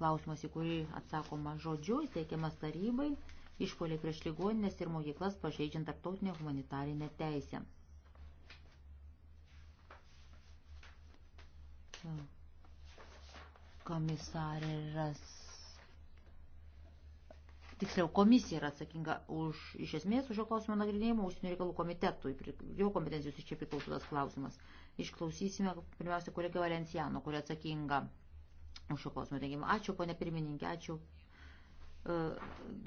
Klausimas, į kurį atsakoma žodžiu, teikiamas tarybai, išpoliai prieš ligoninės ir mokyklas pažeidžiant tarptautinę humanitarinę teisę. Komisarė ras... Tiksliau, komisija yra atsakinga už, iš esmės, už jo klausimo nagrinėjimą užsienio reikalų komitetui. Jo kompetencijos iš čia priklauso tas klausimas. Išklausysime pirmiausia kolegę Valenciano, kuri atsakinga už šio klausimo rengimą. Ačiū, ponė pirmininkė, ačiū e,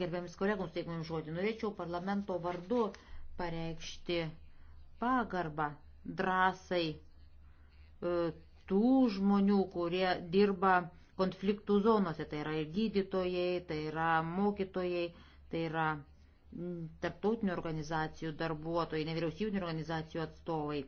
gerbiamis kolegoms, taip jums žodį. Norėčiau parlamento vardu pareikšti pagarbą drąsai e, tų žmonių, kurie dirba konfliktų zonose. Tai yra ir gydytojai, tai yra mokytojai, tai yra tarptautinių organizacijų darbuotojai, nevyriausybinių organizacijų atstovai.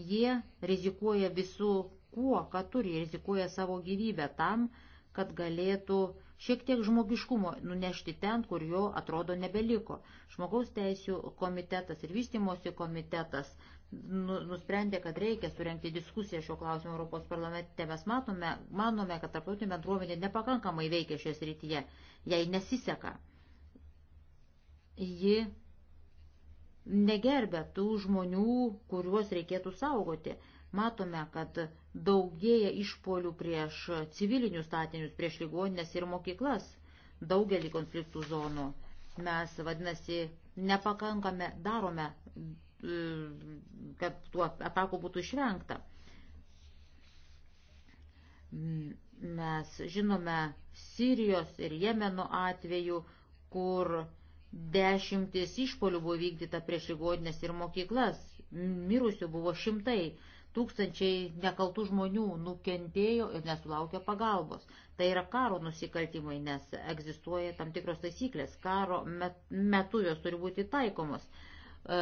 Jie rizikuoja visų kuo, ką turi, rizikuoja savo gyvybę tam, kad galėtų šiek tiek žmogiškumo nunešti ten, kur jo atrodo nebeliko. Žmogaus teisų komitetas ir vystimosi komitetas nu, nusprendė, kad reikia surenkti diskusiją šio klausimo Europos parlamente. Mes matome, manome, kad tarptautinė bendruomenė nepakankamai veikia šioje srityje, jai nesiseka. Ji negerbė tų žmonių, kuriuos reikėtų saugoti. Matome, kad daugėja išpolių prieš civilinius statinius, prieš ligoninės ir mokyklas daugelį konfliktų zonų. Mes, vadinasi, nepakankame darome, mm, kad tuo ataku būtų išvengta. Mm, mes žinome Sirijos ir Jemeno atveju, kur dešimtis išpolių buvo vykdyta prieš ligoninės ir mokyklas, mirusių buvo šimtai. Tūkstančiai nekaltų žmonių nukentėjo ir nesulaukė pagalbos. Tai yra karo nusikaltimai, nes egzistuoja tam tikros taisyklės. Karo metu jos turi būti taikomos. E,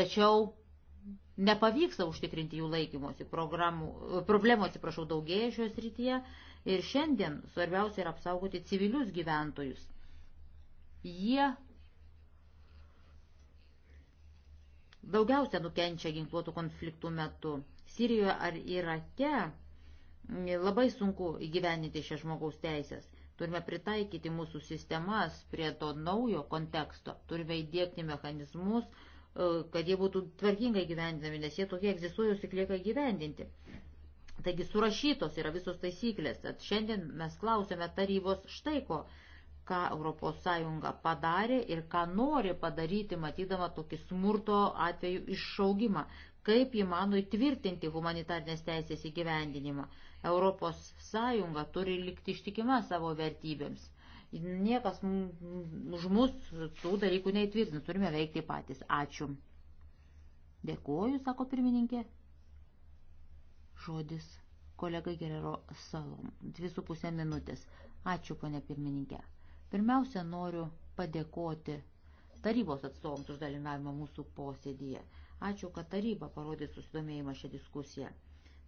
tačiau nepavyksta užtikrinti jų laikymosi. Programų, e, problemų, atsiprašau, daugėja šios rytyje. Ir šiandien svarbiausia yra apsaugoti civilius gyventojus. Jie daugiausia nukenčia ginkluotų konfliktų metu. Sirijoje ar Irake mm, labai sunku įgyveninti šias žmogaus teisės. Turime pritaikyti mūsų sistemas prie to naujo konteksto. Turime įdėkti mechanizmus, e, kad jie būtų tvarkingai gyvendinami, nes jie tokie egzistuoja, jūs tik lieka gyvendinti. Taigi surašytos yra visos taisyklės. Tad šiandien mes klausėme tarybos štai ko ką ES padarė ir ką nori padaryti, matydama tokį smurto atveju išaugimą, kaip įmano įtvirtinti humanitarnės teisės įgyvendinimą. ES turi likti ištikima savo vertybėms. Niekas už mus tų dalykų neįtvirtina, turime veikti patys. Ačiū. Dėkuoju, sako pirmininkė. Žodis kolega Gerero Salom. Dvi su pusė minutės. Ačiū, ponė pirmininkė. Pirmiausia, noriu padėkoti tarybos atstovams už dalyvavimą mūsų posėdyje. Ačiū, kad taryba parodė susidomėjimą šią diskusiją.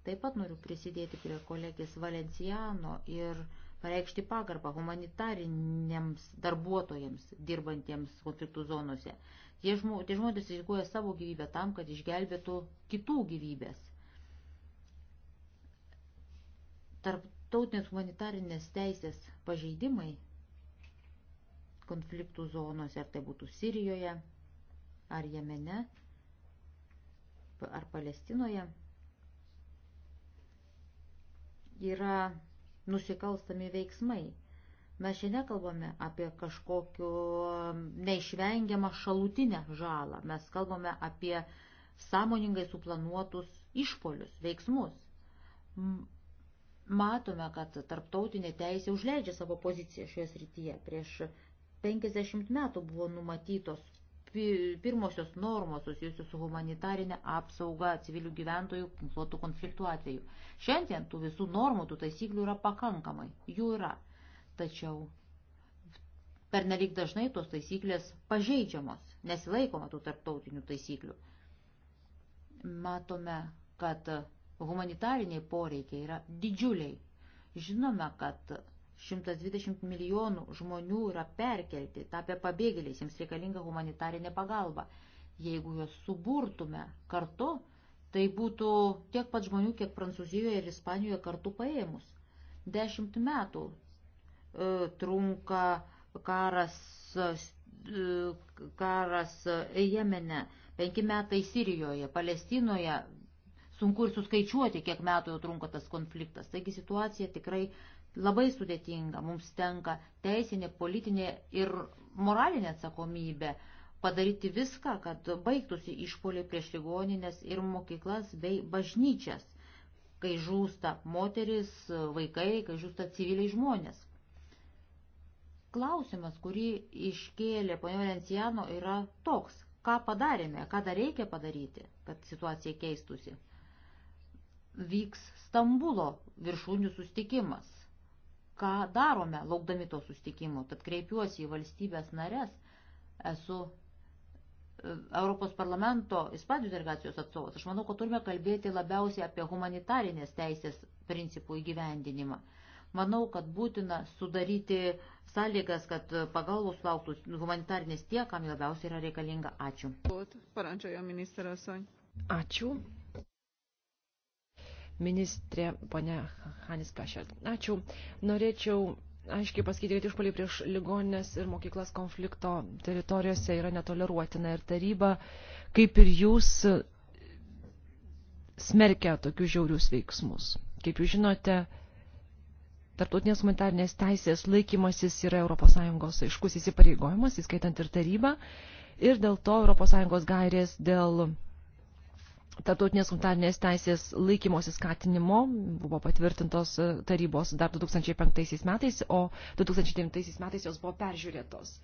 Taip pat noriu prisidėti prie kolegės Valenciano ir pareikšti pagarbą humanitariniams darbuotojams dirbantiems konfliktų zonose. Tie, žmo, tie žmonės rizikuoja savo gyvybę tam, kad išgelbėtų kitų gyvybės. Tarptautinės humanitarinės teisės pažeidimai konfliktų zonose, ar tai būtų Sirijoje, ar Jemene, ar Palestinoje, yra nusikalstami veiksmai. Mes šiandien kalbame apie kažkokiu um, neišvengiamą šalutinę žalą. Mes kalbame apie sąmoningai suplanuotus išpolius, veiksmus. Matome, kad tarptautinė teisė užleidžia savo poziciją šioje srityje. Prieš 50 metų buvo numatytos pirmosios normos susijusios su humanitarinė apsauga civilių gyventojų ginkluotų konfliktų atveju. Šiandien tų visų normų, tų taisyklių yra pakankamai, jų yra. Tačiau per nelik dažnai tos taisyklės pažeidžiamos, nesilaikoma tų tarptautinių taisyklių. Matome, kad humanitariniai poreikiai yra didžiuliai. Žinome, kad 120 milijonų žmonių yra perkelti, tapę pabėgėliais, jiems reikalinga humanitarinė pagalba. Jeigu juos suburtume kartu, tai būtų tiek pat žmonių, kiek Prancūzijoje ir Ispanijoje kartu paėmus. Dešimt metų e, trunka karas, e, karas e, Jemene, penki metai Sirijoje, Palestinoje. Sunku ir suskaičiuoti, kiek metų jau trunka tas konfliktas. Taigi situacija tikrai labai sudėtinga. Mums tenka teisinė, politinė ir moralinė atsakomybė padaryti viską, kad baigtųsi išpoliai prieš ligoninės ir mokyklas bei bažnyčias, kai žūsta moteris, vaikai, kai žūsta civiliai žmonės. Klausimas, kurį iškėlė ponio Lenciano, yra toks, ką padarėme, ką dar reikia padaryti, kad situacija keistusi. Vyks Stambulo viršūnių sustikimas ką darome laukdami to sustikimo. Tad kreipiuosi į valstybės narės, esu e, Europos parlamento Ispanijos delegacijos atstovas. Aš manau, kad turime kalbėti labiausiai apie humanitarinės teisės principų įgyvendinimą. Manau, kad būtina sudaryti sąlygas, kad pagalbos lauktų humanitarinės tie, kam labiausiai yra reikalinga. Ačiū. Ačiū ministrė ponė Hanis Pešert. Ačiū. Norėčiau aiškiai pasakyti, kad išpoliai prieš ligoninės ir mokyklas konflikto teritorijose yra netoleruotina ir taryba, kaip ir jūs, smerkia tokius žiaurius veiksmus. Kaip jūs žinote, tarptautinės humanitarnės teisės laikymasis yra ES aiškus įsipareigojimas, įskaitant ir tarybą, ir dėl to ES gairės dėl tarptautinės humanitarinės teisės laikymosi skatinimo buvo patvirtintos e, tarybos dar 2005 metais, o 2009 metais jos buvo peržiūrėtos.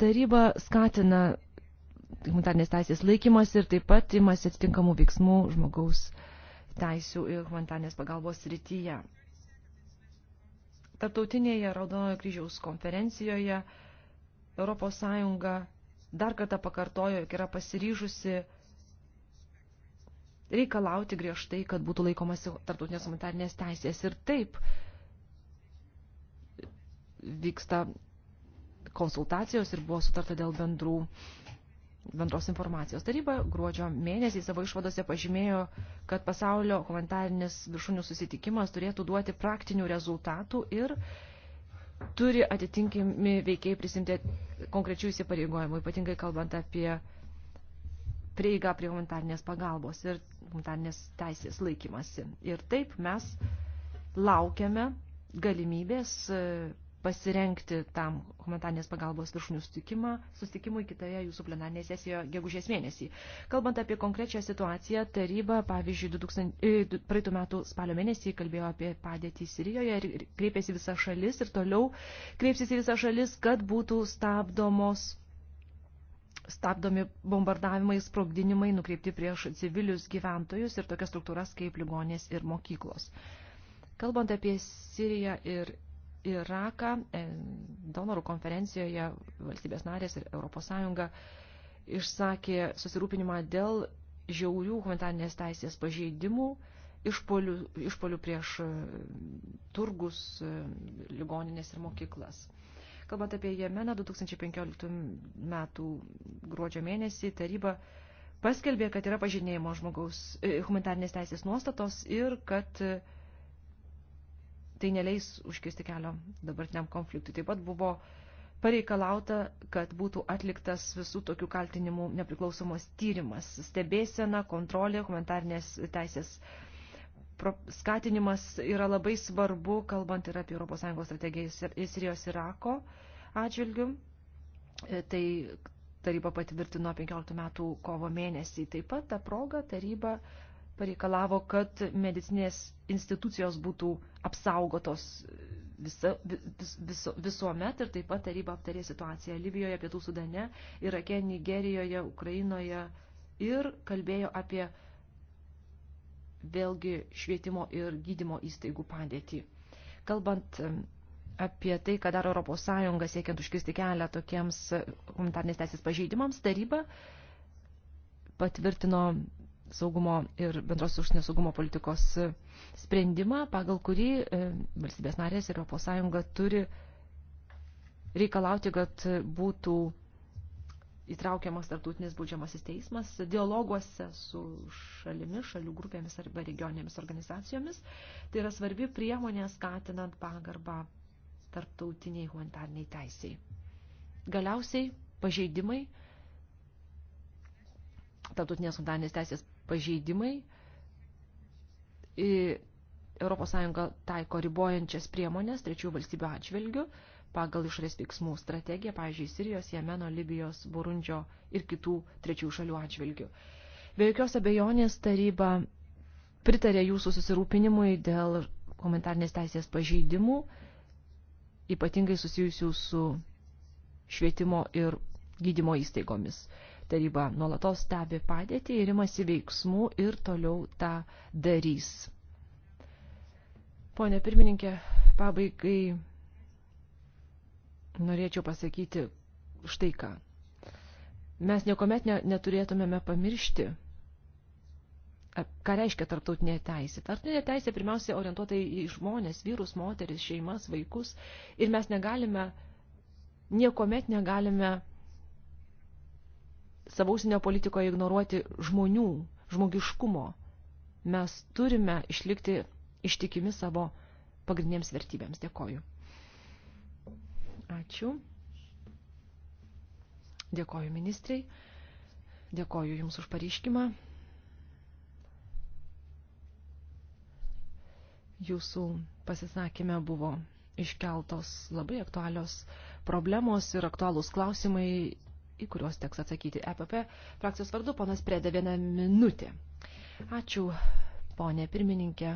Taryba skatina humanitarinės teisės laikymas ir taip pat imasi atitinkamų veiksmų žmogaus teisių ir humanitarinės pagalbos srityje. Tartautinėje Raudonojo kryžiaus konferencijoje Europos Sąjunga dar kartą pakartojo, jog yra pasiryžusi reikalauti griežtai, kad būtų laikomasi tarptautinės humanitarnės teisės. Ir taip vyksta konsultacijos ir buvo sutarta dėl bendrų, bendros informacijos. Taryba gruodžio mėnesį savo išvadose pažymėjo, kad pasaulio humanitarinis viršūnių susitikimas turėtų duoti praktinių rezultatų ir uh, turi atitinkimi veikiai prisimti konkrečių įsipareigojimų, ypatingai kalbant apie prieigą prie humanitarnės pagalbos ir humanitarnės teisės laikymasi. Ir taip mes laukiame galimybės pasirengti tam humanitarnės pagalbos viršūnių susitikimui kitoje jūsų plenarinėje sesijoje gegužės mėnesį. Kalbant apie konkrečią situaciją, taryba, pavyzdžiui, 2000, e, praeitų metų spalio mėnesį kalbėjo apie padėtį Sirijoje ir kreipėsi visą šalis ir toliau kreipsis į visą šalis, kad būtų stabdomos stabdomi bombardavimai, sprogdinimai nukreipti prieš civilius gyventojus ir tokias struktūras kaip ligonės ir mokyklos. Kalbant apie Siriją ir Iraką e, donorų konferencijoje valstybės narės ir ES išsakė susirūpinimą dėl žiaurių humanitarnės teisės pažeidimų, išpolių, išpolių prieš e, turgus, e, ligoninės ir mokyklas. Kalbant apie Jemeną, 2015 metų gruodžio mėnesį taryba paskelbė, kad yra pažinėjimo žmogaus humanitarnės teisės nuostatos ir kad uh, tai neleis užkisti kelio dabartiniam konfliktui. Taip pat buvo pareikalauta, kad būtų atliktas visų tokių kaltinimų nepriklausomos tyrimas, stebėsena, kontrolė, humanitarnės teisės skatinimas yra labai svarbu, kalbant ir apie ES strategiją į Sirijos Irako atžvilgių. E, tai taryba patvirtino 15 metų kovo mėnesį. Taip pat tą progą taryba pareikalavo, kad medicinės institucijos būtų apsaugotos visa, vis, vis, visuomet ir taip pat taryba aptarė situaciją Libijoje, Pietų Sudane, Irake, Nigerijoje, Ukrainoje ir kalbėjo apie vėlgi švietimo ir gydymo įstaigų padėtį. Kalbant apie tai, ką daro Europos Sąjunga siekiant užkisti kelią tokiems humanitarnės teisės pažeidimams, taryba patvirtino saugumo ir bendros užsienio saugumo politikos sprendimą, pagal kurį e, valstybės narės ir ES turi reikalauti, kad būtų įtraukiamas tartutinis būdžiamasis teismas dialoguose su šalimis, šalių grupėmis arba regioninėmis organizacijomis. Tai yra svarbi priemonė skatinant pagarbą tarptautiniai humanitariniai teisiai. Galiausiai pažeidimai tarptautinės humanitarnės teisės pažeidimai. ES taiko ribojančias priemonės trečių valstybių atžvilgių pagal išorės veiksmų strategiją, pavyzdžiui, Sirijos, Jemeno, Libijos, Burundžio ir kitų trečių šalių atžvilgių. Be jokios abejonės taryba pritarė jūsų susirūpinimui dėl komentarnės teisės pažeidimų, ypatingai susijusių su švietimo ir gydymo įstaigomis taryba nuolatos stebi padėtį ir imasi veiksmų ir toliau tą darys. Pone pirmininkė, pabaigai norėčiau pasakyti štai ką. Mes niekuomet ne, neturėtumėme pamiršti, ką reiškia tarptautinė teisė. Tarptautinė teisė pirmiausia orientuota į žmonės, vyrus, moteris, šeimas, vaikus ir mes negalime, niekuomet negalime savo užsienio politikoje ignoruoti žmonių, žmogiškumo. Mes turime išlikti ištikimi savo pagrindinėms vertybėms. Dėkoju. Ačiū. Dėkoju ministrai. Dėkoju Jums už pareiškimą. Jūsų pasisakime buvo iškeltos labai aktualios problemos ir aktualūs klausimai į kuriuos teks atsakyti. EPP frakcijos vardu ponas Preda vieną minutę. Ačiū, ponė pirmininkė.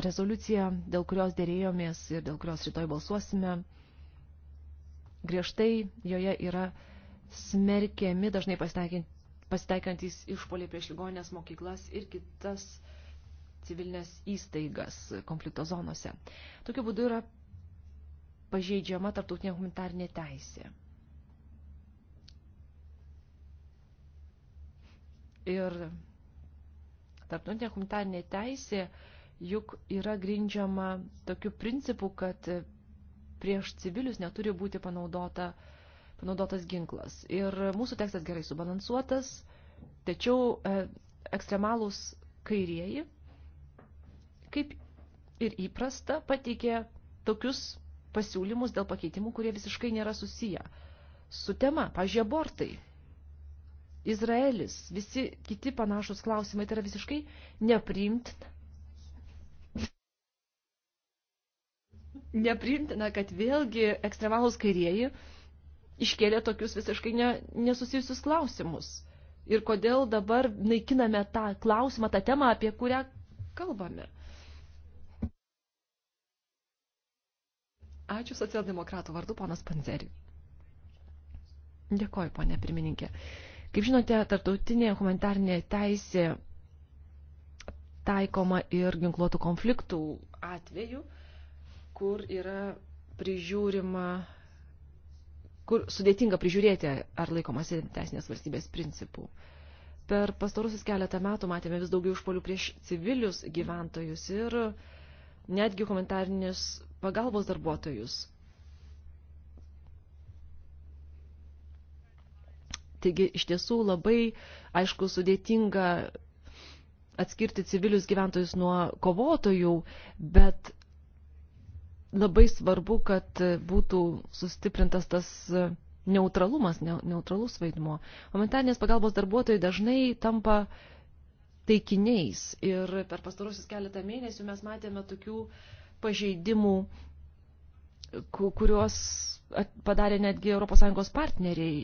Rezoliucija, dėl kurios dėrėjomės ir dėl kurios rytoj balsuosime, griežtai joje yra smerkiami dažnai pasitaikantis išpoliai prieš ligoninės mokyklas ir kitas civilinės įstaigas konflikto zonose. Tokiu būdu yra pažeidžiama tarptautinė humanitarinė teisė. Ir tarptautinė humanitarinė teisė juk yra grindžiama tokiu principu, kad prieš civilius neturi būti panaudota, panaudotas ginklas. Ir mūsų tekstas gerai subalansuotas, tačiau e, ekstremalūs kairieji, kaip ir įprasta, pateikė tokius pasiūlymus dėl pakeitimų, kurie visiškai nėra susiję su tema. Pavyzdžiui, abortai, Izraelis, visi kiti panašus klausimai, tai yra visiškai nepriimtina. Nepriimtina, kad vėlgi ekstremalus kairieji iškėlė tokius visiškai ne, nesusijusius klausimus. Ir kodėl dabar naikiname tą klausimą, tą temą, apie kurią kalbame. Ačiū socialdemokratų vardu, ponas Panzeri. Dėkoju, ponė pirmininkė. Kaip žinote, tartautinė humanitarinė teisė taikoma ir ginkluotų konfliktų atveju, kur yra prižiūrima, kur sudėtinga prižiūrėti, ar laikomasi teisinės valstybės principų. Per pastarusius keletą metų matėme vis daugiau išpolių prieš civilius gyventojus ir uh, netgi humanitarnės pagalbos darbuotojus. Taigi iš tiesų labai, aišku, sudėtinga atskirti civilius gyventojus nuo kovotojų, bet labai svarbu, kad būtų sustiprintas tas neutralumas, ne, neutralus vaidmo. Humanitarnės pagalbos darbuotojai dažnai tampa uh, taikiniais. Ir per pastarosius keletą mėnesių mes matėme tokių pažeidimų, kuriuos padarė netgi ES partneriai,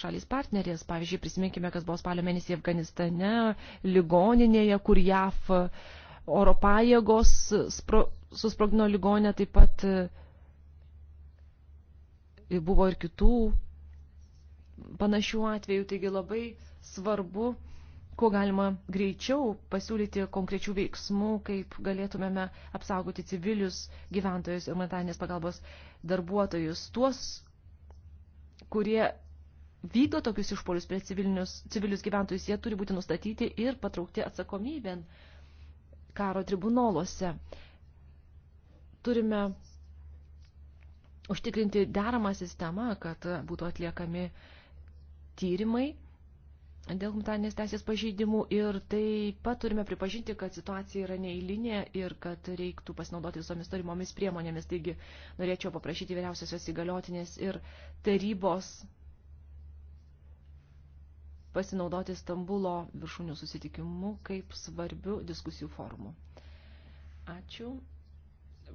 šalys partnerės. Pavyzdžiui, prisiminkime, kas buvo spalio mėnesį Afganistane, ligoninėje, kur JAF oro pajėgos spro, susprogdino ligonę, taip pat e, buvo ir kitų panašių atvejų. Taigi labai svarbu kuo galima greičiau pasiūlyti konkrečių veiksmų, kaip galėtumėme apsaugoti civilius gyventojus ir humanitarnės pagalbos darbuotojus, tuos, kurie vykdo tokius išpolius prie civilinius, civilius gyventojus, jie turi būti nustatyti ir patraukti atsakomybėn karo tribunoluose. Turime užtikrinti deramą sistemą, kad būtų atliekami tyrimai dėl humanitarnės teisės pažeidimų ir taip pat turime pripažinti, kad situacija yra neįlinė ir kad reiktų pasinaudoti visomis turimomis priemonėmis. Taigi norėčiau paprašyti vyriausiosios įgaliotinės ir tarybos pasinaudoti Stambulo viršūnių susitikimu kaip svarbių diskusijų formų. Ačiū.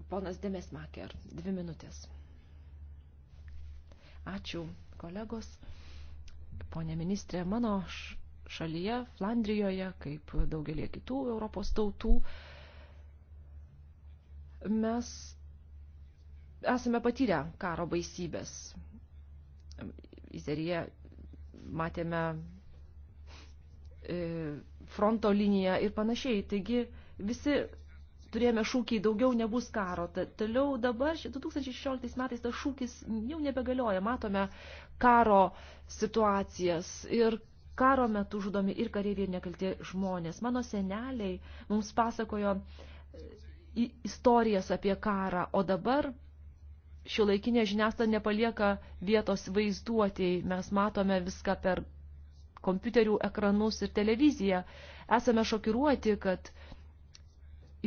Ponas Demesmaker, dvi minutės. Ačiū, kolegos. Pone ministrė, mano šalyje, Flandrijoje, kaip daugelie kitų Europos tautų, mes esame patyrę karo baisybės. Izerija matėme e, fronto liniją ir panašiai. Taigi visi turėjome šūkį daugiau nebus karo. Toliau dabar, 2016 metais, tas šūkis jau nebegalioja. Matome karo situacijas ir karo metu žudomi ir kareiviai ir nekalti žmonės. Mano seneliai mums pasakojo e, istorijas apie karą, o dabar šiuolaikinė žiniasklaida nepalieka vietos vaizduotėjai. Mes matome viską per kompiuterių ekranus ir televiziją. Esame šokiruoti, kad uh,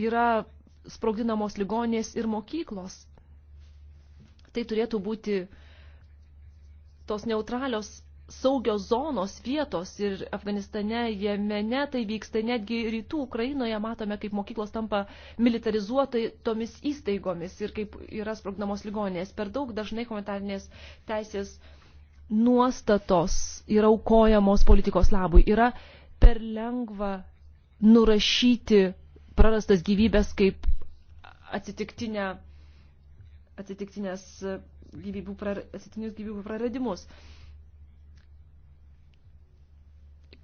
yra sprogdinamos ligonės ir mokyklos. Tai turėtų būti tos neutralios saugios zonos vietos ir Afganistane, Jemene tai vyksta, netgi rytų Ukrainoje matome, kaip mokyklos tampa militarizuotai tomis įstaigomis ir kaip yra sprogdamos ligonės. Per daug dažnai humanitarnės teisės nuostatos yra aukojamos politikos labui. Yra per lengva nurašyti prarastas gyvybės kaip atsitiktinę, atsitiktinės gyvybių, prar, atsitiktinius gyvybių praradimus.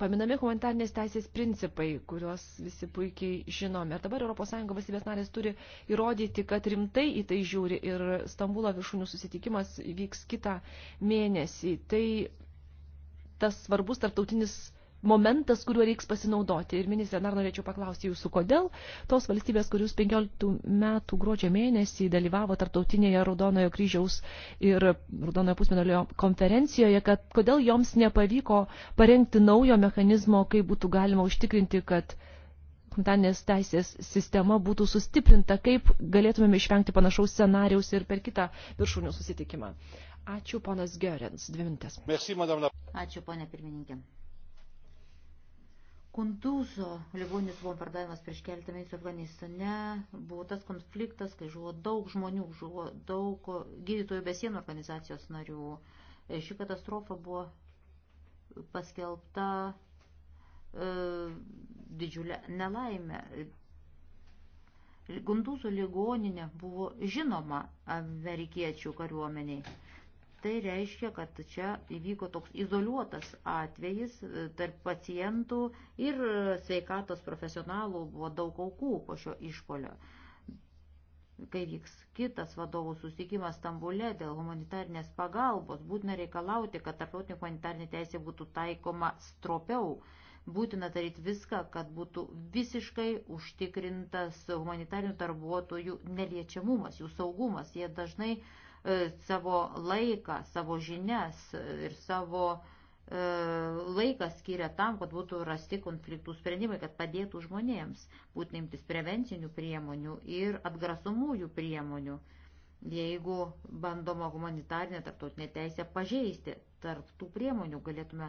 Paminami humanitarnės teisės principai, kuriuos visi puikiai žinome. Ir dabar ES valstybės narės turi įrodyti, kad rimtai į tai žiūri ir Stambulo viršūnių susitikimas vyks kitą mėnesį. Tai tas svarbus tarptautinis momentas, kuriuo reiks pasinaudoti. Ir ministrė, dar norėčiau paklausti jūsų, kodėl tos valstybės, kurius 15 metų gruodžio mėnesį dalyvavo tarptautinėje Raudonojo kryžiaus ir Raudonojo pusminalio konferencijoje, kad kodėl joms nepavyko parengti naujo mechanizmo, kaip būtų galima užtikrinti, kad humanitarnės teisės sistema būtų sustiprinta, kaip galėtumėme išvengti panašaus scenarijaus ir per kitą viršūnių susitikimą. Ačiū, ponas Gerens, dvi minutės. Ačiū, ponė pirmininkė. Kunduzo ligonis bombardavimas prieš keletą mėnesių Afganistane buvo tas konfliktas, kai žuvo daug žmonių, žuvo daug gydytojų be sienų organizacijos narių. E, ši katastrofa buvo paskelbta e, didžiulė nelaimė. Gunduzo ligoninė buvo žinoma amerikiečių kariuomeniai. Tai reiškia, kad čia įvyko toks izoliuotas atvejis e, tarp pacientų ir e, sveikatos profesionalų buvo daug aukų po šio išpolio. Kai vyks kitas vadovų susitikimas Stambule dėl humanitarnės pagalbos, būtina reikalauti, kad tarptautinė humanitarnė teisė būtų taikoma stropiau. Būtina daryti viską, kad būtų visiškai užtikrintas humanitarinių darbuotojų neliečiamumas, jų saugumas. Jie dažnai uh, E, savo laiką, savo žinias ir savo e, laikas skiria tam, kad būtų rasti konfliktų sprendimai, kad padėtų žmonėms, būtent imtis prevencinių priemonių ir atgrasomųjų priemonių, jeigu bandoma humanitarinė tarptautinė teisė pažeisti. Tarp tų priemonių galėtume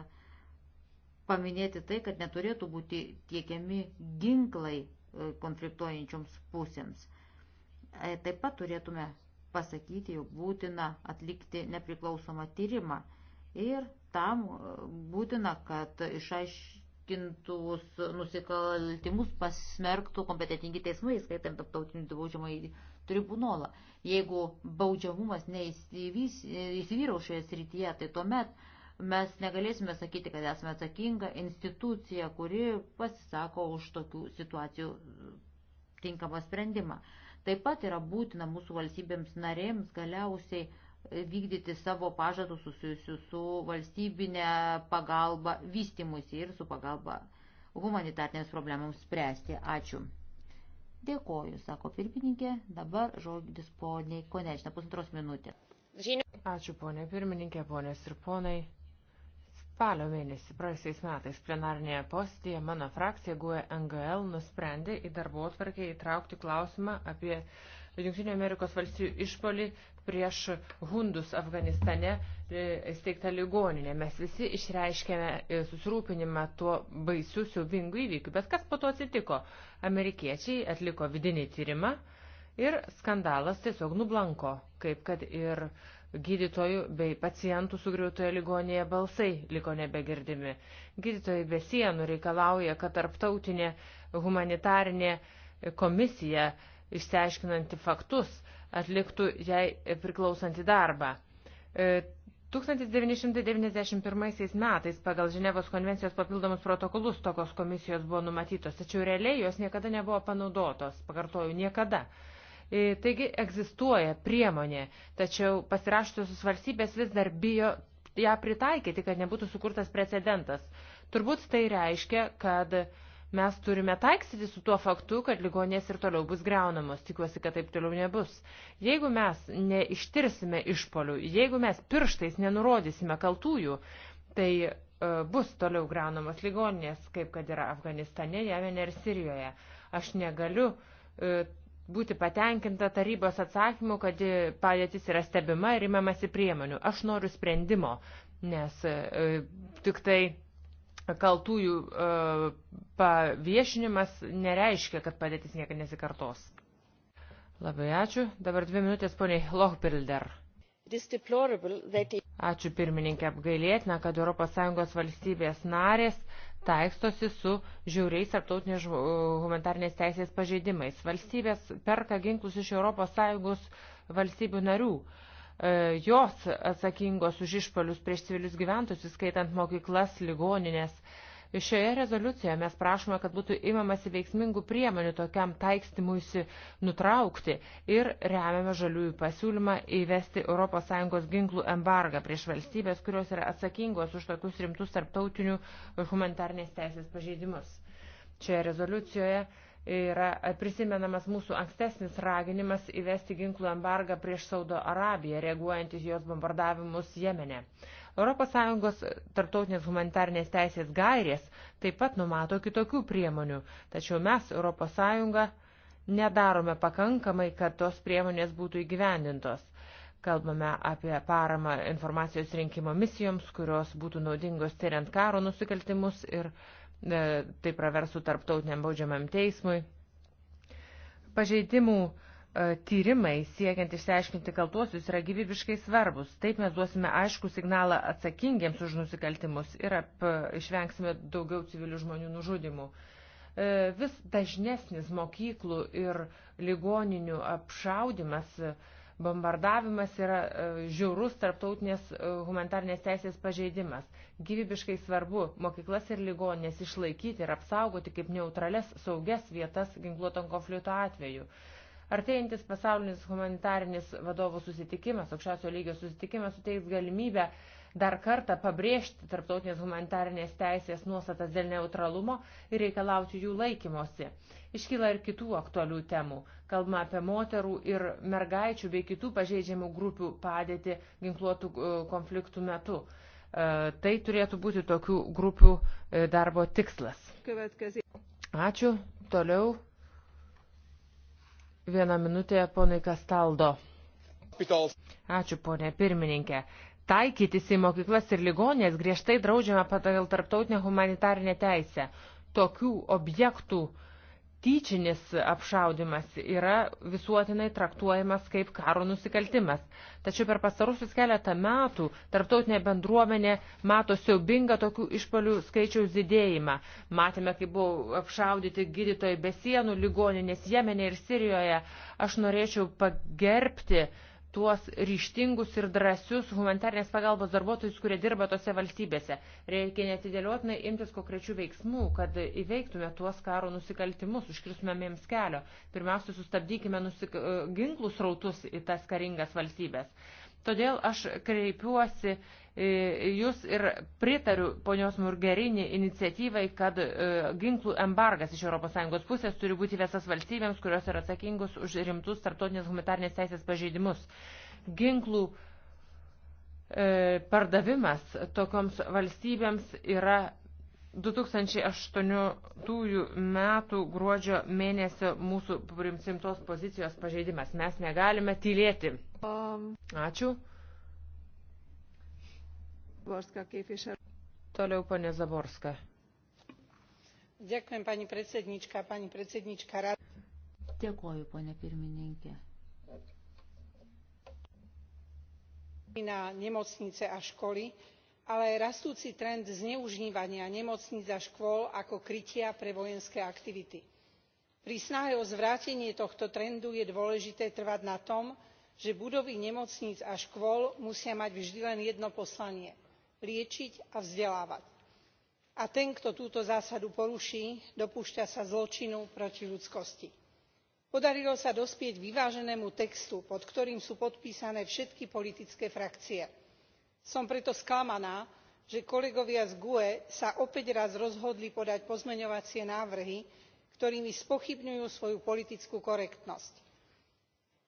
paminėti tai, kad neturėtų būti tiekiami ginklai e, konfliktuojančioms pusėms. Taip pat turėtume pasakyti, jog būtina atlikti nepriklausomą tyrimą. Ir tam e, būtina, kad išaiškintus nusikaltimus pasmerktų kompetitingi teismai, skaitant taptautinį baudžiamąjį tribunolą. Jeigu baudžiamumas neįsivyraus šioje srityje, tai tuomet mes negalėsime sakyti, kad esame atsakinga institucija, kuri pasisako už tokių situacijų tinkamą sprendimą. Taip pat yra būtina mūsų valstybėms narėms galiausiai e, vykdyti savo pažadus susijusius su valstybinė pagalba vystimusi ir su pagalba humanitarnėms problemams spręsti. Ačiū. Dėkoju, sako pirmininkė. Dabar žodis poniai Konečna, pusantros minutės. Ačiū, ponė pirmininkė, ponės ir ponai. Spalio mėnesį praėjusiais metais plenarinėje posėdėje mano frakcija GUE NGL nusprendė į darbo atvarkę įtraukti klausimą apie Junktinio Amerikos valstybių išpolį prieš hundus Afganistane e, įsteigtą ligoninę. Mes visi išreiškėme e, susirūpinimą tuo baisiu siaubingu įvykiu. Bet kas po to atsitiko? Amerikiečiai atliko vidinį tyrimą ir skandalas tiesiog nublanko, kaip kad ir uh, gydytojų bei pacientų sugriautoje ligonėje balsai liko nebegirdimi. Gydytojai be sienų reikalauja, kad tarptautinė humanitarinė komisija, išsiaiškinanti faktus, atliktų jai priklausantį darbą. 1991 e, metais pagal Ženevos konvencijos papildomus protokolus tokios komisijos buvo numatytos, tačiau realiai jos niekada nebuvo panaudotos, pakartoju, niekada. E, taigi egzistuoja priemonė, tačiau pasirašusios valstybės vis dar bijo ją pritaikyti, kad nebūtų sukurtas precedentas. Turbūt tai reiškia, kad mes turime taiksyti su tuo faktu, kad ligonės ir toliau bus greunamos. Tikiuosi, kad taip toliau nebus. Jeigu mes neištirsime išpolių, jeigu mes pirštais nenurodysime kaltųjų, tai e, bus toliau greunamos ligoninės, kaip kad yra Afganistane, Jemene ir Sirijoje. Aš negaliu e, būti patenkinta tarybos atsakymu, kad padėtis yra stebima ir imamasi priemonių. Aš noriu sprendimo, nes e, tik tai kaltųjų e, paviešinimas nereiškia, kad padėtis niekada nesikartos. Labai ačiū. Dabar dvi minutės poniai Lochbilder. Ačiū pirmininkė apgailėtina, kad ES valstybės narės taikstosi su žiauriais tarptautinės humanitarnės teisės pažeidimais. Valstybės perka ginklus iš ES valstybių narių. E, jos atsakingos už išpalius prieš civilius gyventojus, įskaitant mokyklas, ligoninės, Šioje rezoliucijoje mes prašome, kad būtų imamasi veiksmingų priemonių tokiam taikstymuisi nutraukti ir remiame žaliųjų pasiūlymą įvesti ES ginklų embargą prieš valstybės, kurios yra atsakingos už tokius rimtus tarptautinių humanitarnės teisės pažeidimus. Šioje rezoliucijoje yra prisimenamas mūsų ankstesnis raginimas įvesti ginklų embargą prieš Saudo Arabiją, reaguojant į jos bombardavimus Jemene. ES tarptautinės humanitarnės teisės gairės taip pat numato kitokių priemonių, tačiau mes ES nedarome pakankamai, kad tos priemonės būtų įgyvendintos. Kalbame apie paramą informacijos rinkimo misijoms, kurios būtų naudingos tyriant karo nusikaltimus ir e, tai praversų tarptautiniam baudžiamam teismui. Pažeidimų e, E, tyrimai siekiant išsiaiškinti kaltuosius yra gyvybiškai svarbus. Taip mes duosime aišku signalą atsakingiems už nusikaltimus ir ap, išvengsime daugiau civilių žmonių nužudimų. E, vis dažnesnis mokyklų ir ligoninių apšaudimas, bombardavimas yra e, žiaurus tarptautinės humanitarnės teisės pažeidimas. Gyvybiškai svarbu mokyklas ir ligoninės išlaikyti ir apsaugoti kaip neutrales saugias vietas ginkluotam konflikto atveju. Artėjantis pasaulinis humanitarinis vadovų susitikimas, aukščiausio lygio susitikimas, suteiks galimybę dar kartą pabrėžti tarptautinės humanitarinės teisės nuostatas dėl neutralumo ir reikalauti jų laikymosi. Iškyla ir kitų aktualių temų. Kalbama apie moterų ir mergaičių bei kitų pažeidžiamų grupių padėti ginkluotų e, konfliktų metu. E, tai turėtų būti tokių grupių e, darbo tikslas. Ačiū. Toliau Vieną minutę ponai Kastaldo. Ačiū, ponė pirmininkė. Taikytis į mokyklas ir ligonės griežtai draudžiama pagal tarptautinę humanitarinę teisę. Tokių objektų uh, tyčinis apšaudimas yra visuotinai traktuojamas kaip karo nusikaltimas. Tačiau per pastarusius keletą metų tarptautinė bendruomenė mato siaubingą tokių išpalių skaičiaus didėjimą. Matėme, kaip buvo apšaudyti gydytojai be sienų, ligoninės Jemenė ir Sirijoje. Aš norėčiau pagerbti uh, tuos ryštingus ir drąsius humanitarnės pagalbos darbuotojus, kurie dirba tose valstybėse. Reikia netidėliotinai imtis konkrečių veiksmų, kad įveiktume tuos karo nusikaltimus, užkristumėm jiems kelio. Pirmiausia, sustabdykime nusik... ginklų srautus į tas karingas valstybės. Todėl aš kreipiuosi E, jūs ir pritariu ponios Murgerinį iniciatyvai, kad e, ginklų embargas iš ES pusės turi būti vesas valstybėms, kurios yra atsakingus už rimtus tarptautinės humanitarnės teisės pažeidimus. Ginklų e, pardavimas tokioms valstybėms yra 2008 metų gruodžio mėnesio mūsų primsimtos pozicijos pažeidimas. Mes negalime tylėti. Um. Ačiū. Toliau ponė Zaborska. Dėkuoju, pani predsednička, pani predsednička rad. Dėkuoju, ponė pirmininkė. Na nemocnice a školy, ale aj rastúci trend zneužívania nemocníc a škôl ako krytia pre vojenské aktivity. pri snahe o zvrátenie tohto trendu je dôležité trvať na tom že budovy nemocníc a škôl musia mať vždy len jedno poslanie liečiť a vzdelávať. a ten kto túto zásadu poruší dopúšťa sa zločinu proti ľudskosti. podarilo sa dospieť k vyváženému textu pod ktorým sú podpísané všetky politické frakcie. som preto sklamaná že kolegovia z gue sa opäť raz rozhodli podať pozmeňovacie návrhy ktorými spochybňujú svoju politickú korektnosť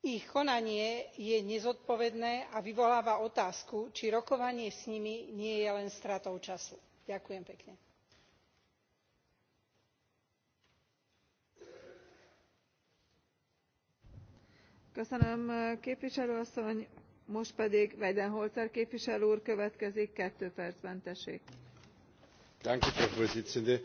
ich konanie je nezodpovedné a vyvoláva otázku či rokovanie s nimi nie je len stratou času. ďakujem pekne. frau präsidentin!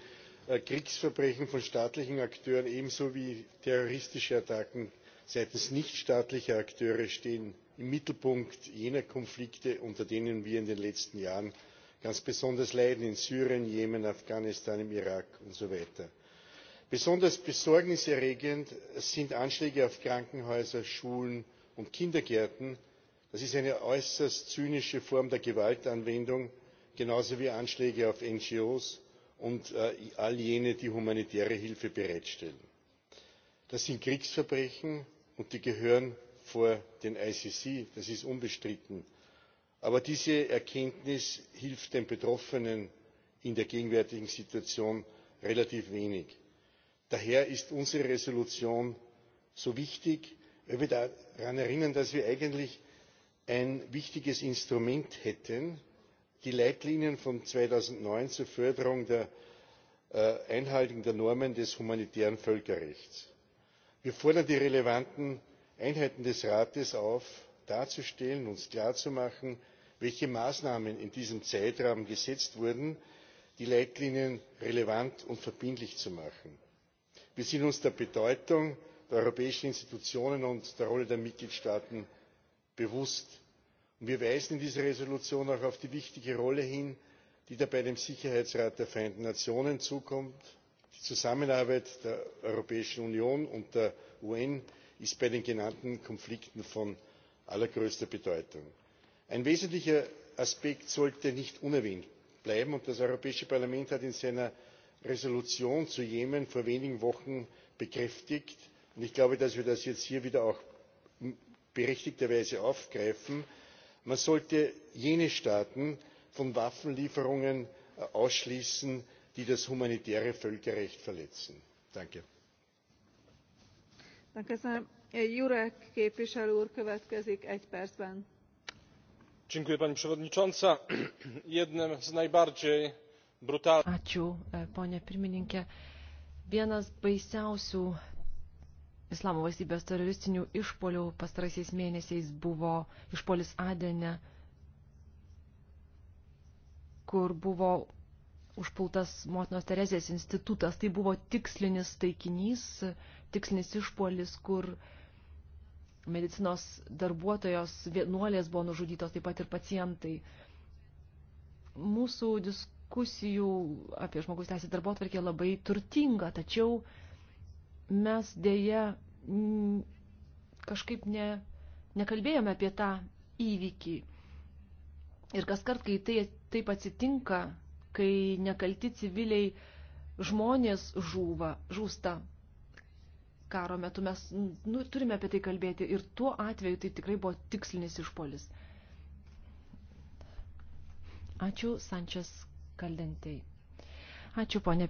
Äh, kriegsverbrechen von staatlichen akteuren ebenso wie terroristische attacken seitens nichtstaatlicher akteure stehen im mittelpunkt jener konflikte unter denen wir in den letzten jahren ganz besonders leiden in syrien jemen afghanistan im irak und so weiter. besonders besorgniserregend sind anschläge auf krankenhäuser schulen und kindergärten. das ist eine äußerst zynische form der gewaltanwendung genauso wie anschläge auf ngos und äh, all jene die humanitäre hilfe bereitstellen. das sind kriegsverbrechen und die gehören vor den istgh das ist unbestritten. aber diese erkenntnis hilft den betroffenen in der gegenwärtigen situation relativ wenig. daher ist unsere entschließung so wichtig weil wir daran erinnern dass wir eigentlich ein wichtiges instrument hätten die leitlinien von zweitausendneun zur förderung der äh, einhaltung der normen des humanitären völkerrechts wir fordern die relevanten einheiten des rates auf darzustellen uns klarzumachen welche maßnahmen in diesem zeitrahmen gesetzt wurden die leitlinien relevant und verbindlich zu machen. wir sind uns der bedeutung der europäischen institutionen und der rolle der mitgliedstaaten bewusst. wir weisen in dieser entschließung auch auf die wichtige rolle hin die dabei dem sicherheitsrat der vereinten nationen zukommt zusammenarbeit der europäischen union und der un ist bei den genannten konflikten von allergrößter bedeutung. ein wesentlicher aspekt sollte nicht unerwähnt bleiben und das europäische parlament hat in seiner entschließung zu jemen vor wenigen wochen bekräftigt und ich glaube dass wir das jetzt hier wieder auch berechtigterweise aufgreifen man sollte jene staaten von waffenlieferungen ausschließen die das humanitäre völkerrecht verletzen. danke! Eh, pani przewodnicząca! jednym z najbardziej brutalnych eh, vienas baisiausių islamo valstybės teroristinių išpolių pastaraisiais mėnesiais buvo išpolis adene kur buvo užpultas motinos Terezės institutas. Tai buvo tikslinis taikinys, tikslinis išpuolis, kur medicinos darbuotojos vienuolės buvo nužudytos, taip pat ir pacientai. Mūsų diskusijų apie žmogus teisės darbo atvarkė labai turtinga, tačiau mes dėja m, kažkaip ne, nekalbėjome apie tą įvykį. Ir kas kart, kai tai taip atsitinka, kai nekalti civiliai žmonės žūva, žūsta karo metu. Mes nu, turime apie tai kalbėti ir tuo atveju tai tikrai buvo tikslinis išpolis. Ačiū, Sančias Kaldentai. Ačiū, ponė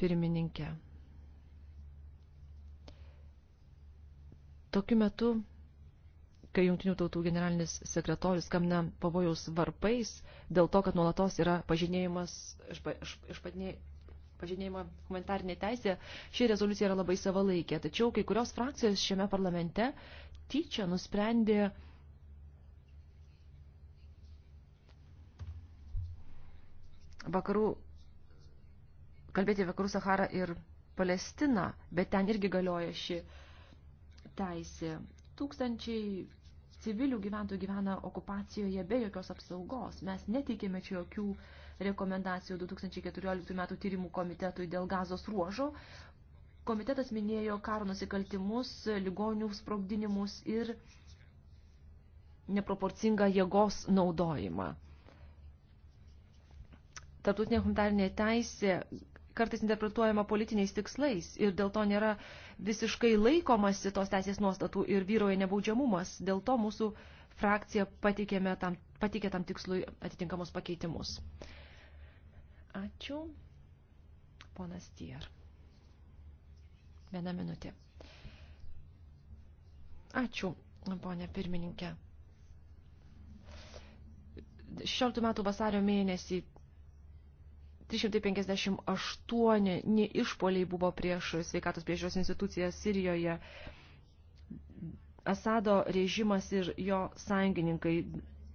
pirmininkė. Tokiu metu kai jungtinių tautų generalinis sekretorius skamna pavojaus varpais dėl to, kad nuolatos yra pažinėjimas, pažinėjama humanitarinė teisė, ši rezoliucija yra labai savalaikė. Tačiau kai kurios frakcijos šiame parlamente tyčia nusprendė vakarų, kalbėti vakarų Sahara ir Palestiną, bet ten irgi galioja ši teisė tūkstančiai civilių gyventojų gyvena okupacijoje be jokios apsaugos. Mes neteikėme čia jokių rekomendacijų 2014 metų tyrimų komitetui dėl gazos ruožo. Komitetas minėjo karo nusikaltimus, ligonių sprogdinimus ir neproporcingą jėgos naudojimą. Tartutinė humanitarinė teisė kartais interpretuojama politiniais tikslais ir dėl to nėra visiškai laikomasi tos teisės nuostatų ir vyroja nebaudžiamumas. Dėl to mūsų frakcija patikė tam, patikė tam tikslui atitinkamus pakeitimus. Ačiū. Ponas Tier. Viena minutė. Ačiū, ponė pirmininkė. 16 metų vasario mėnesį 358 išpoliai buvo prieš sveikatos priežiūros institucijas Sirijoje. Asado režimas ir jo sąjungininkai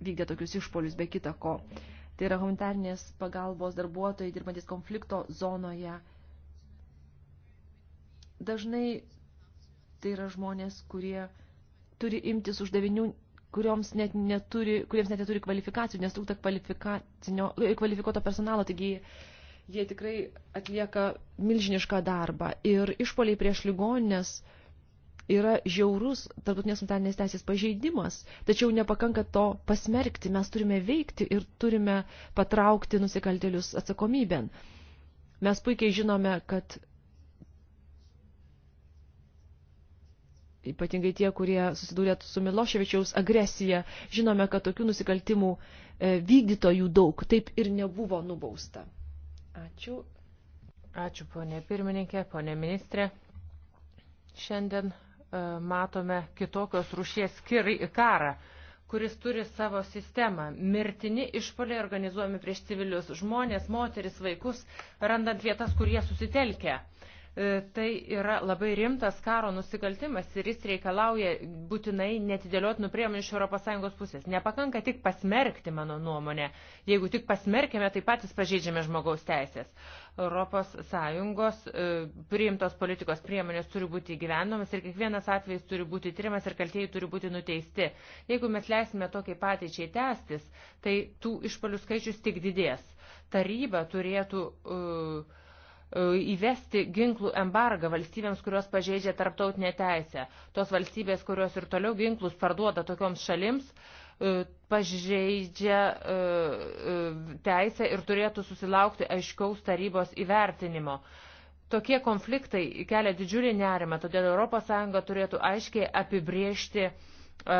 vykdė tokius išpolius be kita ko. Tai yra humanitarnės pagalbos darbuotojai dirbantis konflikto zonoje. Dažnai tai yra žmonės, kurie turi imtis uždavinių kurioms net neturi, kuriems net neturi kvalifikacijų, nes trūkta kvalifikuoto personalo, taigi jie tikrai atlieka milžinišką darbą. Ir išpoliai prieš ligoninės yra žiaurus tarptautinės mentalinės teisės pažeidimas, tačiau nepakanka to pasmerkti, mes turime veikti ir turime patraukti nusikaltelius atsakomybėn. Mes puikiai žinome, kad ypatingai tie, kurie susidūrė su Miloševičiaus agresija, žinome, kad tokių nusikaltimų e, vykdytojų daug, taip ir nebuvo nubausta. Ačiū. Ačiū, ponė pirmininkė, ponė ministrė. Šiandien uh, matome kitokios rušies karą, kuris turi savo sistemą. Mirtini išpoliai organizuojami prieš civilius žmonės, moteris, vaikus, randant vietas, kur jie susitelkia. Uh, E, tai yra labai rimtas karo nusikaltimas ir jis reikalauja būtinai netidėliotinų priemonių iš ES pusės. Nepakanka tik pasmerkti, mano nuomonė. Jeigu tik pasmerkime, tai patys pažeidžiame žmogaus teisės. ES e, priimtos politikos priemonės turi būti įgyvenomas ir kiekvienas atvejis turi būti tyrimas ir kaltieji turi būti nuteisti. Jeigu mes leisime tokiai patyčiai tęstis, tai tų išpalių skaičius tik didės. Taryba turėtų uh, įvesti ginklų embargą valstybėms, kurios pažeidžia tarptautinę teisę. Tos valstybės, kurios ir toliau ginklus parduoda tokioms šalims, e, pažeidžia e, e, teisę ir turėtų susilaukti aiškaus tarybos įvertinimo. Tokie konfliktai kelia didžiulį nerimą, todėl ES turėtų aiškiai apibriežti uh, E,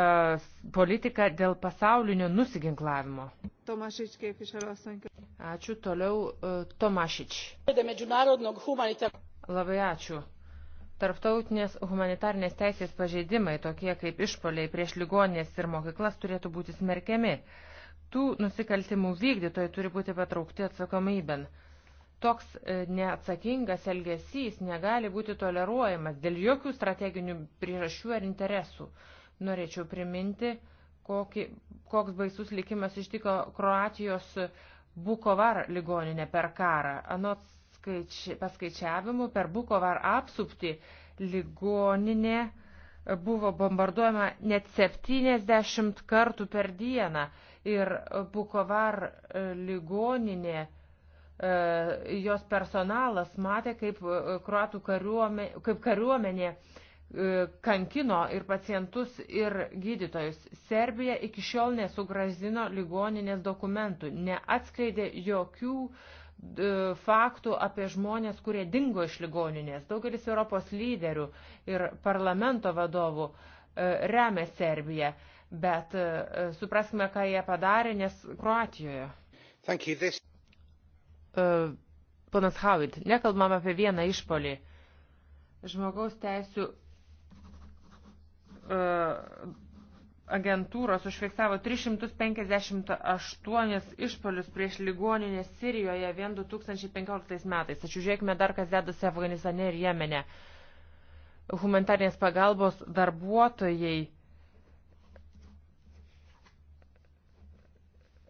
politiką dėl pasaulinio nusiginklavimo. Tomašič, kaip išrasankiu. Ačiū toliau, e, Tomašič. Labai ačiū. Tarptautinės humanitarnės teisės pažeidimai, tokie kaip išpoliai prieš ligonės ir mokyklas, turėtų būti smerkiami. Tų nusikaltimų vykdytojai turi būti patraukti atsakomybėn toks e, neatsakingas elgesys negali būti toleruojamas dėl jokių strateginių priežasčių ar interesų. Norėčiau priminti, kokį, koks baisus likimas ištiko Kroatijos Bukovar ligoninę per karą. Anot skaiči, paskaičiavimų per Bukovar apsupti ligoninė buvo bombarduojama net 70 kartų per dieną ir Bukovar e, ligoninė e, jos personalas matė, kaip, e, kariuomenė, kaip kariuomenė E, kankino ir pacientus, ir gydytojus. Serbija iki šiol nesugrazino ligoninės dokumentų, neatskleidė jokių e, faktų apie žmonės, kurie dingo iš ligoninės. Daugelis Europos lyderių ir parlamento vadovų e, remia Serbiją, bet supraskime, ką jie padarė, nes Kroatijoje. This... Panas Havit, nekalbam apie vieną išpolį. Žmogaus teisų E, agentūros užfiksavo 358 išpolius prieš ligoninę Sirijoje vien 2015 metais. Tačiau žiūrėkime dar, kas dedasi Afganistane ir Jemene. Humanitarnės pagalbos darbuotojai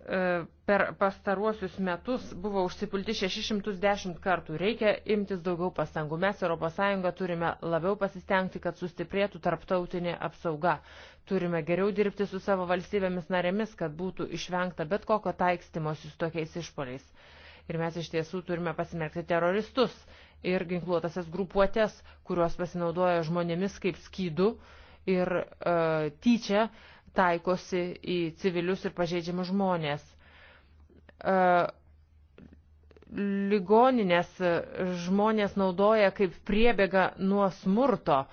E, per pastaruosius metus buvo užsipulti 610 kartų. Reikia imtis daugiau pastangų. Mes ES turime labiau pasistengti, kad sustiprėtų tarptautinė apsauga. Turime geriau dirbti su savo valstybėmis narėmis, kad būtų išvengta bet kokio taikstymosi su tokiais išpoliais. Ir mes iš tiesų turime pasimerkti teroristus ir ginkluotasias grupuotės, kurios pasinaudoja žmonėmis kaip skydu ir uh, tyčia uh, taikosi į civilius ir pažeidžiamus žmonės. E, ligoninės žmonės naudoja kaip priebėga nuo smurto,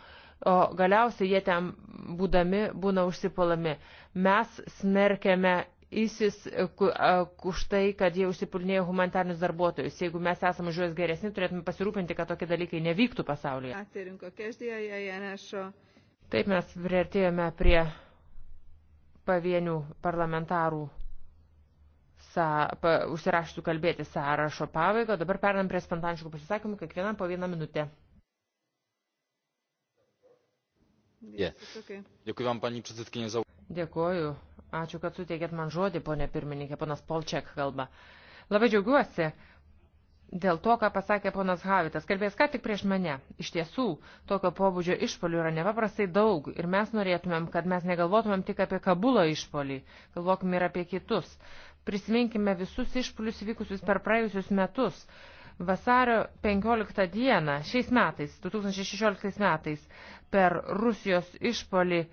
o galiausiai jie ten būdami būna užsipalami. Mes smerkėme ISIS e, už tai, kad jie užsipulnėjo humanitarnius darbuotojus. Jeigu mes esame už juos geresni, turėtume pasirūpinti, kad tokie dalykai nevyktų pasaulyje. Taip mes priartėjome prie pavienių parlamentarų sa, pa, užsirašytų kalbėti sąrašo pabaigą. Dabar pernam prie spontaniškų pasisakymų, kiekvienam po vieną minutę. Yeah. Okay. Dėkui vam, pani předsedkinė, za... Dėkuoju. Ačiū, kad suteikėt man žodį, ponė pirmininkė, ponas Polčiak kalba. Labai džiaugiuosi, dėl to, ką pasakė ponas Havitas. Kalbės ką tik prieš mane. Iš tiesų, tokio pobūdžio išpolių yra nepaprastai daug ir mes norėtumėm, kad mes negalvotumėm tik apie Kabulo išpolį, galvokim ir apie kitus. Prisiminkime visus išpolius vykusius per praėjusius metus. Vasario 15 dieną, šiais metais, 2016 metais, per Rusijos išpolį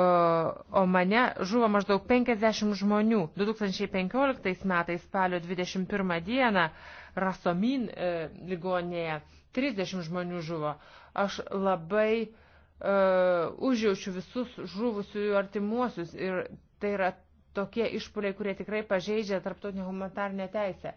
o mane žuvo maždaug 50 žmonių. 2015 metais, spalio 21 dieną, uh, Rasomin e, ligonėje 30 žmonių žuvo. Aš labai e, užjaučiu visus žuvusiųjų artimuosius ir tai yra tokie išpuliai, kurie tikrai pažeidžia tarptautinę humanitarnę teisę.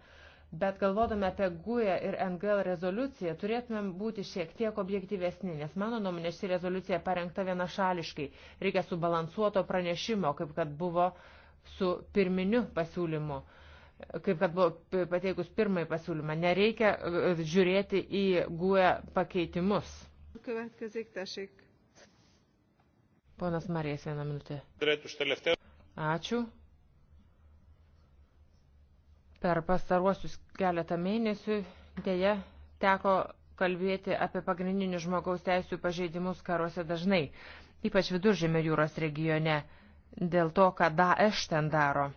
Bet galvodami apie GUE ir NGL rezoliuciją, turėtumėm būti šiek tiek objektyvesni, nes mano nuomonė ši rezoliucija parengta vienašališkai. Reikia subalansuoto pranešimo, kaip kad buvo su pirminiu pasiūlymu. Uh, kaip kad buvo pateikus pirmąjį pasiūlymą, nereikia e, žiūrėti į GUE pakeitimus. Ponas Marijas, vieną minutę. Ačiū. Per pastaruosius keletą mėnesių dėja teko kalbėti apie pagrindinius žmogaus teisų pažeidimus karuose dažnai, ypač viduržėmio jūros regione, dėl to, ką Daesh ten daro.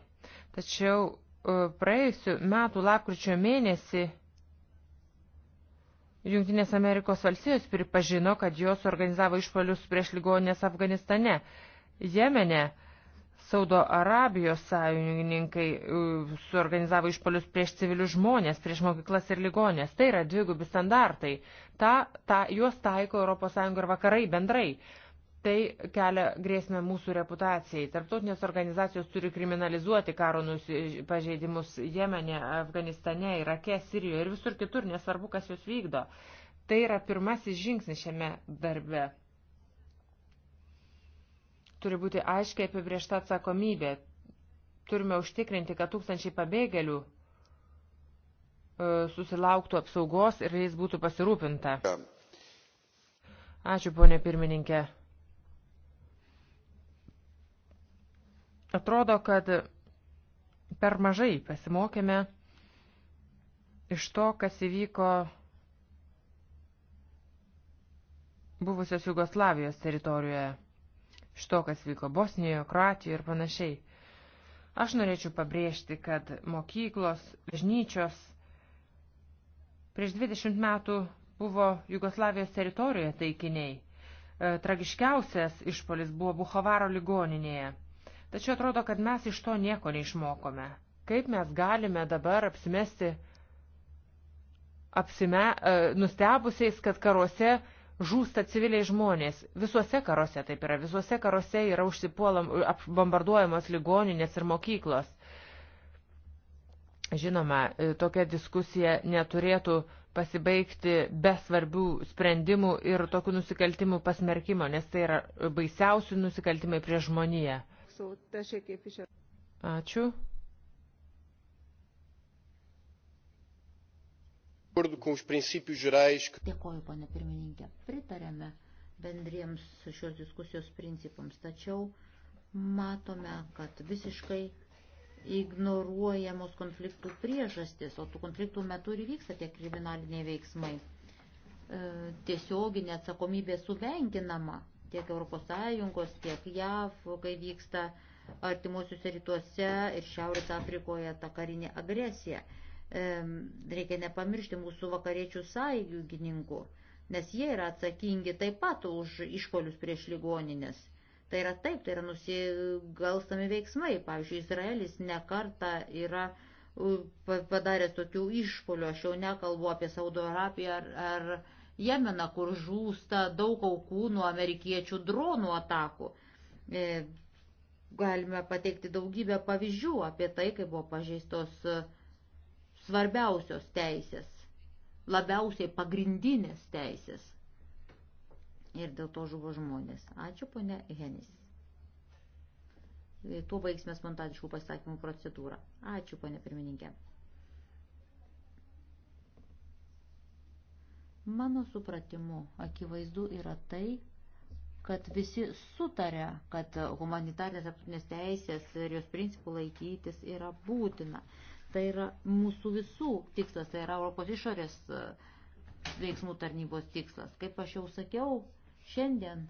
Tačiau E, praėjusiu metų lapkričio mėnesį Junktinės Amerikos valstijos pripažino, kad jos organizavo išpolius prieš ligonės Afganistane. Jemene Saudo Arabijos sąjungininkai e, suorganizavo išpolius prieš civilius žmonės, prieš mokyklas ir ligonės. Tai yra dvigubi standartai. Ta, ta, juos taiko ES ir vakarai bendrai. Tai kelia grėsmę mūsų reputacijai. Tarptautinės organizacijos turi kriminalizuoti karo pažeidimus Jemenė, Afganistane, Irake, Sirijoje ir visur kitur, nesvarbu, kas juos vykdo. Tai yra pirmasis žingsnis šiame darbe turi būti aiškiai apibriešta atsakomybė. Turime užtikrinti, kad tūkstančiai pabėgėlių e, susilauktų apsaugos ir jais būtų pasirūpinta. Ačiū, ponė pirmininkė. Atrodo, kad per mažai pasimokėme iš to, kas įvyko buvusios Jugoslavijos teritorijoje, iš to, kas vyko Bosnijoje, Kroatijoje ir panašiai. Aš norėčiau pabrėžti, kad mokyklos, bažnyčios prieš 20 metų buvo Jugoslavijos teritorijoje taikiniai. E, tragiškiausias išpolis buvo Buhovaro ligoninėje. Tačiau atrodo, kad mes iš to nieko neišmokome. Kaip mes galime dabar apsimesti apsime, e, nustebusiais, kad karuose žūsta civiliai žmonės. Visuose karuose taip yra. Visuose karuose yra užsipuolam, bombarduojamos ligoninės ir mokyklos. Žinoma, e, tokia diskusija neturėtų pasibaigti be svarbių sprendimų ir tokių nusikaltimų pasmerkimo, nes tai yra baisiausių nusikaltimai prie žmoniją szót. Tessék, képviselő. Ačiū. Dėkoju, pane pirmininkė. Pritarėme bendriems šios diskusijos principams, tačiau matome, kad visiškai ignoruojamos konfliktų priežastis, o tų konfliktų metu ir vyksta tie kriminaliniai veiksmai. E, tiesioginė atsakomybė suvenkinama tiek ES, tiek JAV, kai vyksta artimuosiuose rytuose ir Šiaurės Afrikoje ta karinė agresija. Reikia nepamiršti mūsų vakariečių sąjungininkų, nes jie yra atsakingi taip pat už išpolius prieš ligoninės. Tai yra taip, tai yra nusigalstami veiksmai. Pavyzdžiui, Izraelis nekarta yra padaręs tokių išpolių, aš jau nekalbu apie Saudo Arabiją ar, ar Jemeną, kur žūsta daug aukų nuo amerikiečių dronų atakų. E, galime pateikti daugybę pavyzdžių apie tai, kaip buvo pažeistos e, svarbiausios teisės, labiausiai pagrindinės teisės. Ir dėl to žuvo žmonės. Ačiū, ponė Henis. E, tuo baigsime spontaniškų pasakymų procedūrą. Ačiū, ponė pirmininkė. Mano supratimu akivaizdu yra tai, kad visi sutarė, kad humanitarės tarptautinės teisės ir jos principų laikytis yra būtina. Tai yra mūsų visų tikslas, tai yra Europos išorės e, veiksmų tarnybos tikslas. Kaip aš jau sakiau, šiandien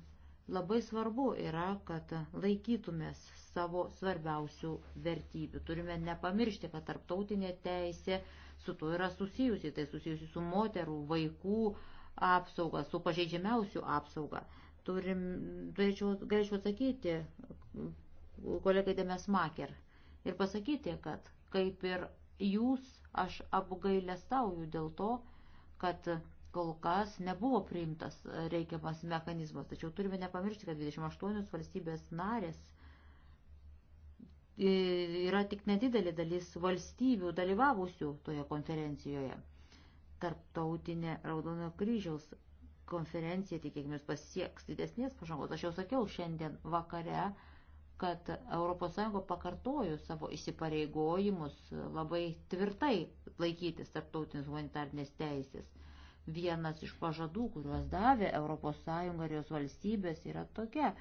labai svarbu yra, kad laikytumės savo svarbiausių vertybių. Turime nepamiršti, kad tarptautinė teisė su tuo yra susijusi, tai susijusi su moterų, vaikų apsauga, su pažeidžiamiausių apsauga. Turim, turėčiau, galėčiau atsakyti kolegai Demes Maker ir pasakyti, kad kaip ir jūs, aš apgailestauju dėl to, kad kol kas nebuvo priimtas reikiamas mechanizmas. Tačiau turime nepamiršti, kad 28 valstybės narės E, yra tik nedidelė dalis valstybių dalyvavusių toje konferencijoje. Tarptautinė Raudono kryžiaus konferencija, tikėkime, pasieks didesnės pažangos. Aš jau sakiau šiandien vakare, kad ES pakartojo savo įsipareigojimus labai tvirtai laikytis tarptautinės humanitarnės teisės. Vienas iš pažadų, kuriuos davė ES ir jos valstybės, yra tokia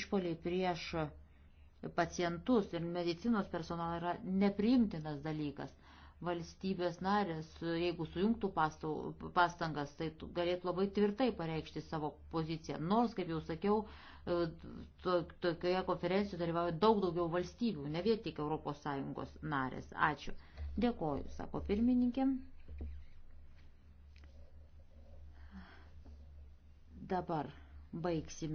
išpoliai prieš pacientus ir medicinos personalą yra nepriimtinas dalykas. Valstybės narės, jeigu sujungtų pastangas, tai galėtų labai tvirtai pareikšti savo poziciją. Nors, kaip jau sakiau, e, tokioje konferencijoje dalyvauja daug daugiau valstybių, ne vien tik ES narės. Ačiū. Dėkoju, sako pirmininkė. Dabar baigsime.